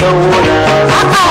so what